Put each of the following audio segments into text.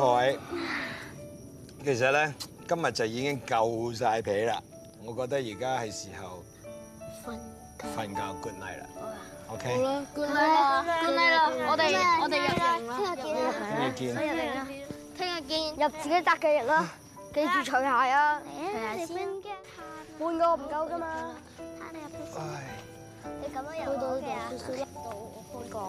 各位，其實咧，今日就已經夠曬皮啦。我覺得而家係時候瞓瞓覺，good night 啦。OK。好啦，good night 啦，good night 啦。我哋我哋入營啦。聽日見。聽日見。入自己搭嘅營啦。記住除鞋啊。係啊，先。半個唔夠㗎嘛。你咁樣入到嘅啊？半個。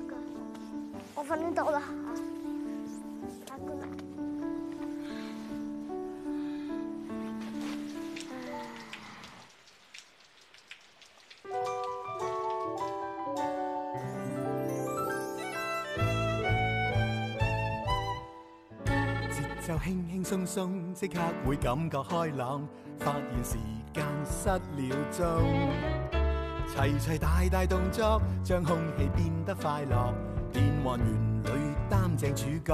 啊，節奏輕輕鬆鬆，即刻會感覺開朗，發現時間失了蹤，齊齊大大動作，將空氣變得快樂。變幻園裏擔正主角，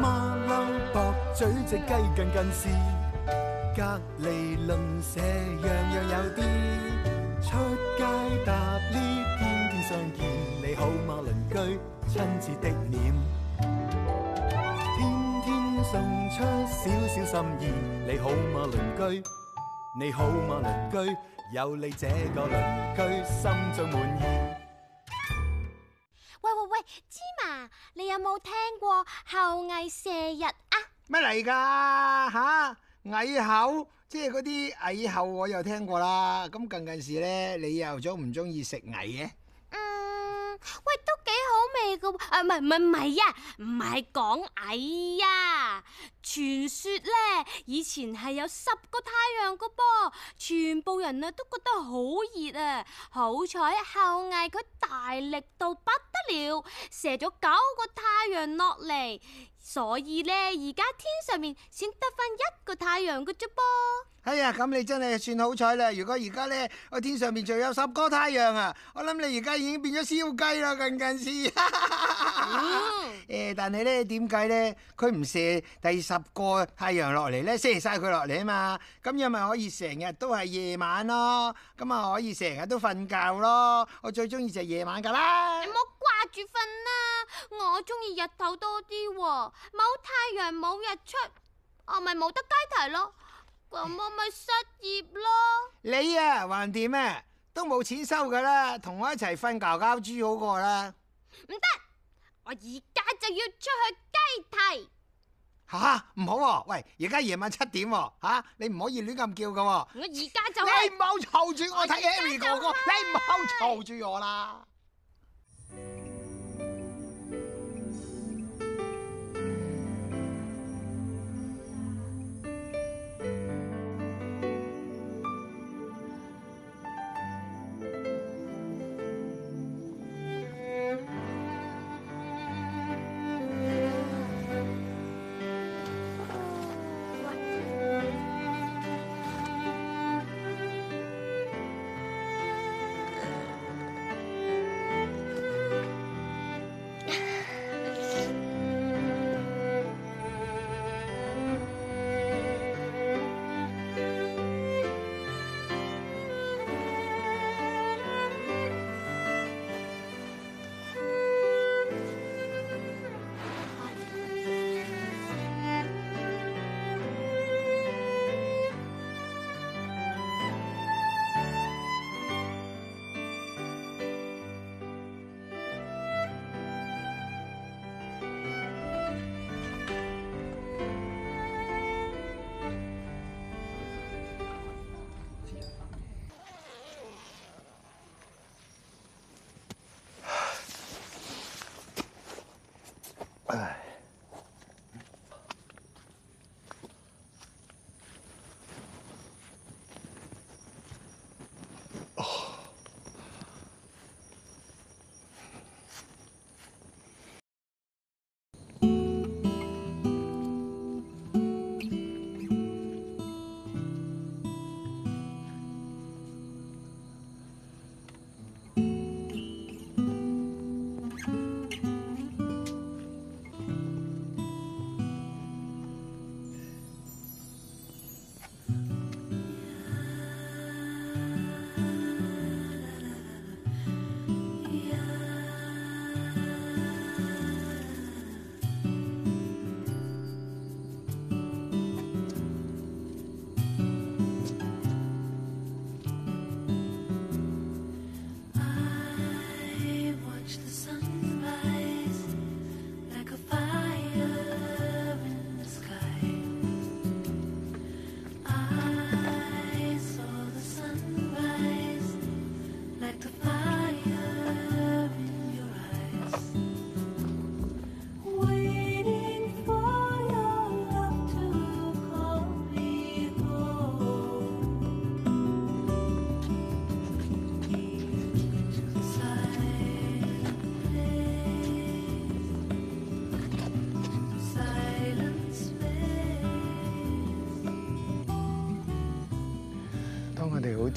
馬騮駁嘴隻雞近近視，隔離鄰舍樣樣有啲。出街搭呢，天天相見，你好嗎鄰居？親切的臉，天天送出少少心意。你好嗎鄰居？你好嗎鄰居？有你這個鄰居，心中滿意。芝麻，哎、ima, 你有冇聽過后羿射日啊？乜嚟噶吓？蟻、啊、后即係嗰啲蟻后，我又聽過啦。咁近近時呢，你又中唔中意食蟻嘅？喂，都幾好味噶，唔係唔係唔係呀，唔係講矮呀，啊，傳說呢，以前係有十個太陽噶噃，全部人啊都覺得好熱啊，好彩后羿佢大力到不得了，射咗九個太陽落嚟。所以咧，而家天上面先得翻一個太陽嘅啫噃。哎呀，咁你真係算好彩啦！如果而家咧，我天上面仲有十個太陽啊，我諗你而家已經變咗燒雞啦，近近似。 但係咧點解咧，佢唔射第十個太陽落嚟咧？射晒佢落嚟啊嘛！咁樣咪可以成日都係夜晚咯，咁啊可以成日都瞓覺咯。我最中意就係夜晚噶啦、嗯。你唔好掛住瞓啦，我中意日頭多啲。冇太陽冇日出，我咪冇得雞啼咯，咁我咪失業咯。你啊，還掂咩？都冇錢收噶啦，同我一齊瞓覺覺豬好過啦。唔得，我而家就要出去雞啼。吓、啊，唔好、啊，喂，而家夜晚七點、啊，吓、啊，你唔可以亂咁叫噶、啊。就是、我而家就你唔好嘈住我睇 Harry 哥哥，就是、你唔好嘈住我啦。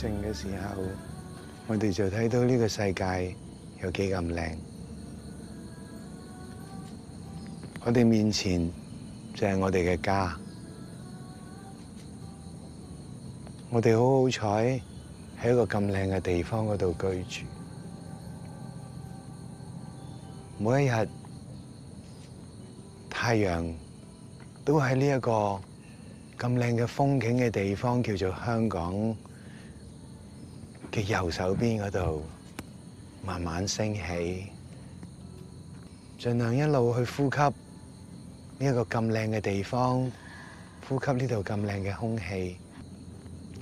嘅時候，我哋就睇到呢個世界有幾咁靚。我哋面前就係我哋嘅家，我哋好好彩喺一個咁靚嘅地方嗰度居住。每一日太陽都喺呢一個咁靚嘅風景嘅地方，叫做香港，嘅右手邊嗰度慢慢升起，儘量一路去呼吸呢一個咁靚嘅地方，呼吸呢度咁靚嘅空氣。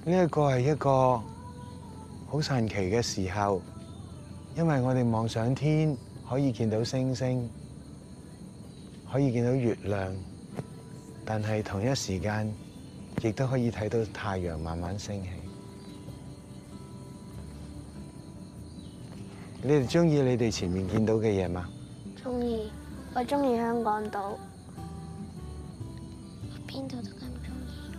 呢一個係一個好神奇嘅時候，因為我哋望上天可以見到星星，可以見到月亮，但係同一時間亦都可以睇到太陽慢慢升起。你哋中意你哋前面見到嘅嘢嗎？中意，我中意香港島，我邊度都咁中意。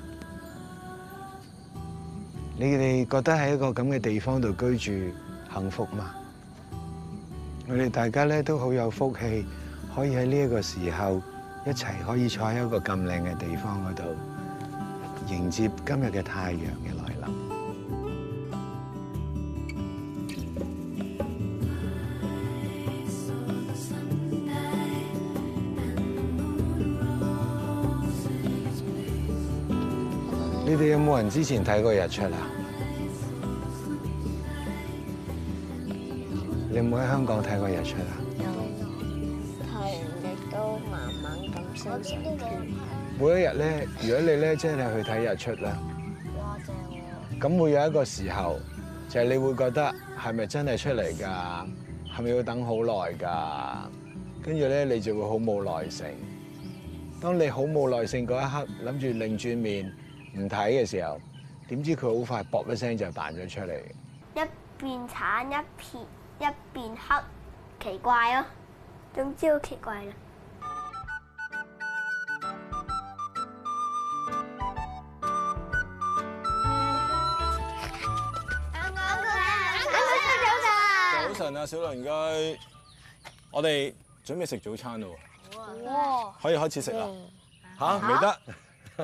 你哋覺得喺一個咁嘅地方度居住幸福嗎？我哋大家咧都好有福氣，可以喺呢一個時候一齊可以坐喺一個咁靚嘅地方嗰度迎接今日嘅太陽嘅。你哋有冇人之前睇過日出啊？你有冇喺香港睇過日出啊？每一日咧，如果你咧即係去睇日出咧，咁會有一個時候，就係你會覺得係咪真係出嚟噶？係咪要等好耐噶？跟住咧，你就會好冇耐性。當你好冇耐性嗰一刻，諗住擰轉面。唔睇嘅時候，點知佢好快噚一聲就彈咗出嚟。一邊橙，一撇一邊黑，奇怪咯、哦，總之好奇怪咧。早晨，啊，小鄰居，我哋準備食早餐咯，哇，可以開始食啦，嚇未得，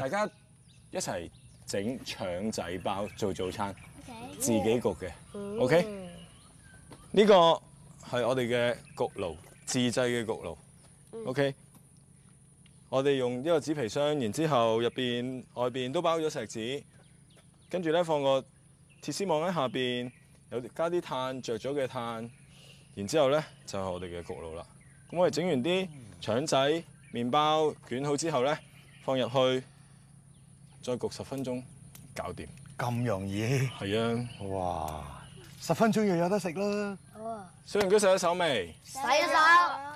大家。一齊整腸仔包做早餐，Okay. 自己焗嘅，OK？呢個係我哋嘅焗爐，自製嘅焗爐，OK？、嗯、我哋用呢個紙皮箱，然之後入邊、外邊都包咗石紙，跟住咧，放個鐵絲網喺下邊，有加啲炭，着咗嘅炭，然之後咧就係、是、我哋嘅焗爐啦。咁我哋整完啲腸仔麵包捲好之後咧，放入去。再焗十分鐘，搞掂。咁容易？係啊！哇！十分鐘又有得食啦！好啊！小龍哥洗咗手未？洗咗手。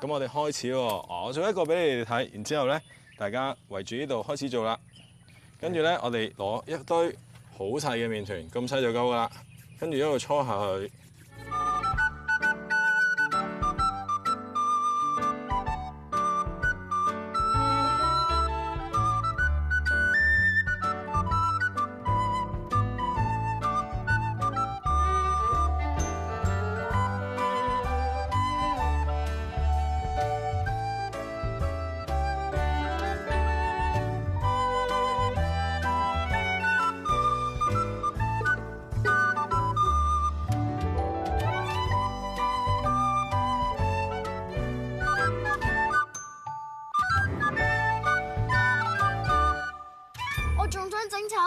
咁我哋開始喎。我做一個俾你哋睇，然之後咧，大家圍住呢度開始做啦。跟住咧，我哋攞一堆好細嘅麵團，咁細就夠啦。跟住一路搓下去。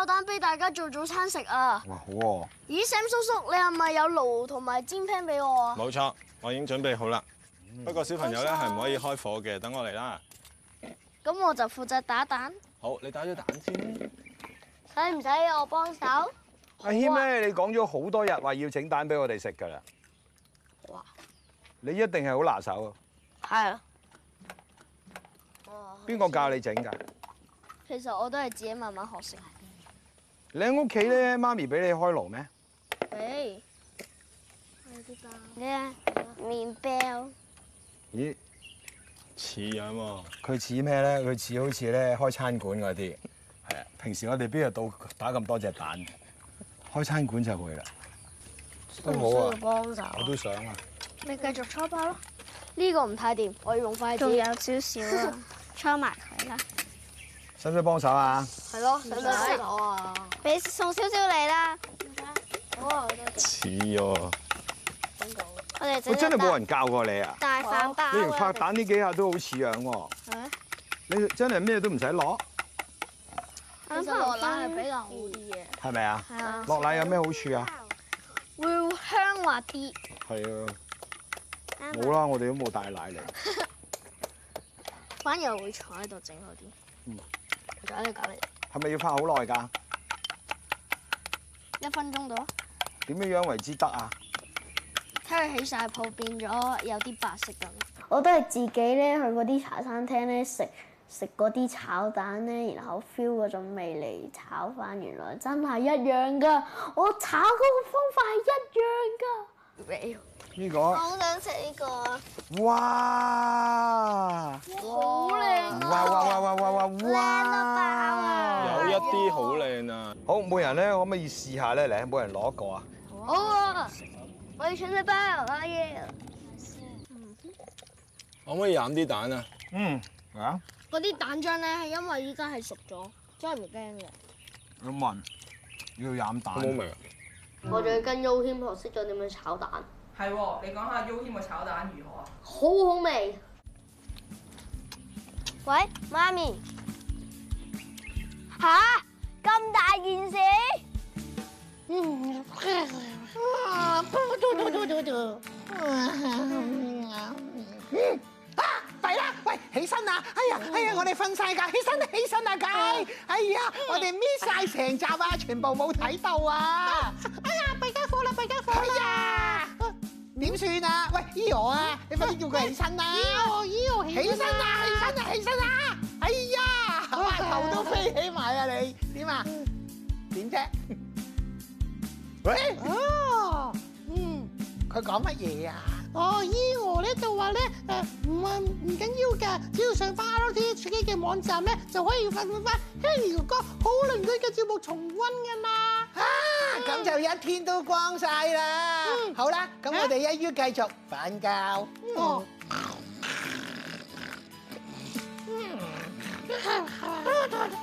蛋俾大家做早餐食啊！哇，好啊！咦，Sam 叔叔，你係咪有爐同埋煎 pan 俾我啊？冇錯，我已經準備好啦。不過小朋友咧係唔可以開火嘅，等我嚟啦。咁我就負責打蛋。好，你打咗蛋先。使唔使我幫手？阿謙咧，啊，你講咗好多日話要整蛋俾我哋食噶啦。哇！你一定係好拿手啊！係。啊！邊個教你整噶？其實我都係自己慢慢學識。你喺屋企咧，媽咪俾你開爐咩？俾，開啲蛋。咩？麪包。咦，似樣喎。佢似咩咧？佢似好似咧開餐館嗰啲，係啊。平時我哋邊日到打咁多隻蛋？開餐館就會啦。都冇需要幫手。我都想啊。你繼續搓包咯，呢個唔太掂，我要用筷子。有少少啊，搓埋佢啦。使唔使幫手啊？係咯。使唔使幫手啊？俾送少少你啦，好似喎，我哋、啊、真係冇人教過你啊！大飯包啊！你拍蛋呢幾下都好似樣喎嗎，你真係咩都唔使攞。拍落奶係比較好啲嘅嗎，係咪啊？是的 落奶有咩好處啊？會香滑啲的。係啊吧，冇啦，我哋都冇帶奶嚟，反而會坐喺度整好啲。嗯嗎，就喺度搞你，係咪要拍好耐噶？一分鐘到，點樣樣為之得啊？睇佢起晒泡泡，變咗有啲白色咁。我都係自己咧去嗰啲茶餐廳咧食食嗰啲炒蛋咧，然後 feel 嗰種味嚟炒翻，原來真係一樣㗎，我炒嗰個方法係一樣㗎。 呢個我好想食呢個。哇！好靚啊！哇哇哇哇哇哇！靚到爆啊！有一啲好靚啊！好，每人咧可唔可以試下咧？你每人攞一個啊！好啊！我要長得飽，我要可唔可以飲啲蛋啊？嗯，嚟啊！嗰啲蛋漿咧係因為依家係熟咗，真係唔驚嘅。要問要飲蛋？我仲要跟優謙學識咗點樣炒蛋。係喎，你講下 U K 個炒蛋如何啊？好好味。喂，媽咪，吓，咁大件事？嗯，啊，係啦，喂，起身啦，哎呀，哎呀，我哋瞓晒噶，起身起身啦，家，哎呀，我哋搣晒成集啊，全部冇睇到啊，哎呀，弊家伙啦，弊家伙啦。哎呀。點算啊？喂，伊娥啊，你快啲叫佢起身啦！伊娥，伊娥，起身啦，起身啦，起身啦！哎呀，塊頭都飛起埋啊你，點啊？點啫？喂，啊，嗯，佢講乜嘢啊？哦，伊娥咧就話咧，誒，唔係唔緊要噶，只要上翻 RTHK 嘅網站咧，就可以翻翻 Harry 哥哥好鄰居嘅節目重溫噶啦。咁就一天都光晒啦！好啦，咁我哋一於繼續瞓覺。